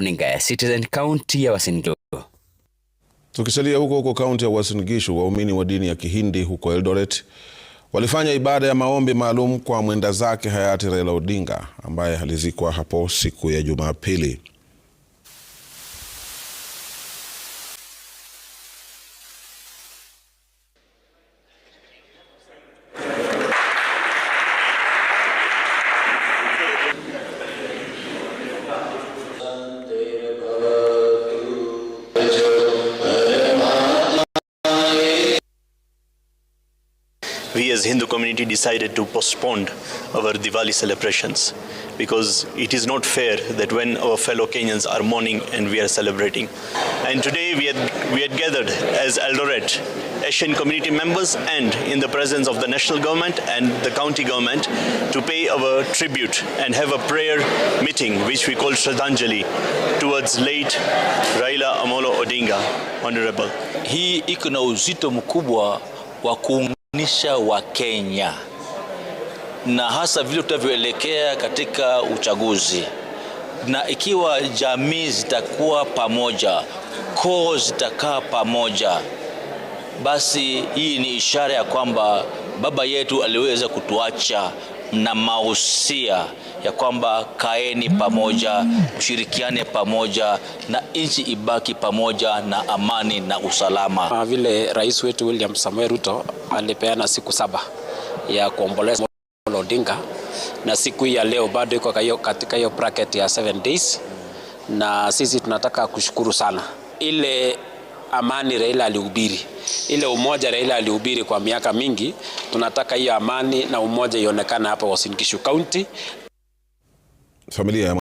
runinga ya Citizen kaunti ya Uasin Gishu. Tukisalia huko huko kaunti ya Uasin Gishu, waumini wa dini ya Kihindi huko Eldoret walifanya ibada ya maombi maalum kwa mwenda zake hayati Raila Odinga ambaye alizikwa hapo siku ya Jumapili. we as Hindu community decided to postpone our Diwali celebrations because it is not fair that when our fellow Kenyans are mourning and we are celebrating. And today we had, we had gathered as Eldoret Asian community members and in the presence of the national government and the county government to pay our tribute and have a prayer meeting which we call Shraddhanjali towards late Raila Amolo Odinga, Honorable. He iko uzito mkubwa wa kuunga kuunganisha wa Kenya na hasa vile tutavyoelekea katika uchaguzi, na ikiwa jamii zitakuwa pamoja, koo zitakaa pamoja, basi hii ni ishara ya kwamba baba yetu aliweza kutuacha na mausia ya kwamba kaeni pamoja, mshirikiane pamoja na nchi ibaki pamoja na amani na usalama. Kama vile rais wetu William Samoei Ruto alipeana siku saba ya kuomboleza Odinga, na siku hii ya leo bado iko katika hiyo bracket ya 7 days, na sisi tunataka kushukuru sana ile amani Raila alihubiri ile umoja Raila alihubiri kwa miaka mingi. Tunataka hiyo amani na umoja ionekane hapa Uasin Gishu County. Familia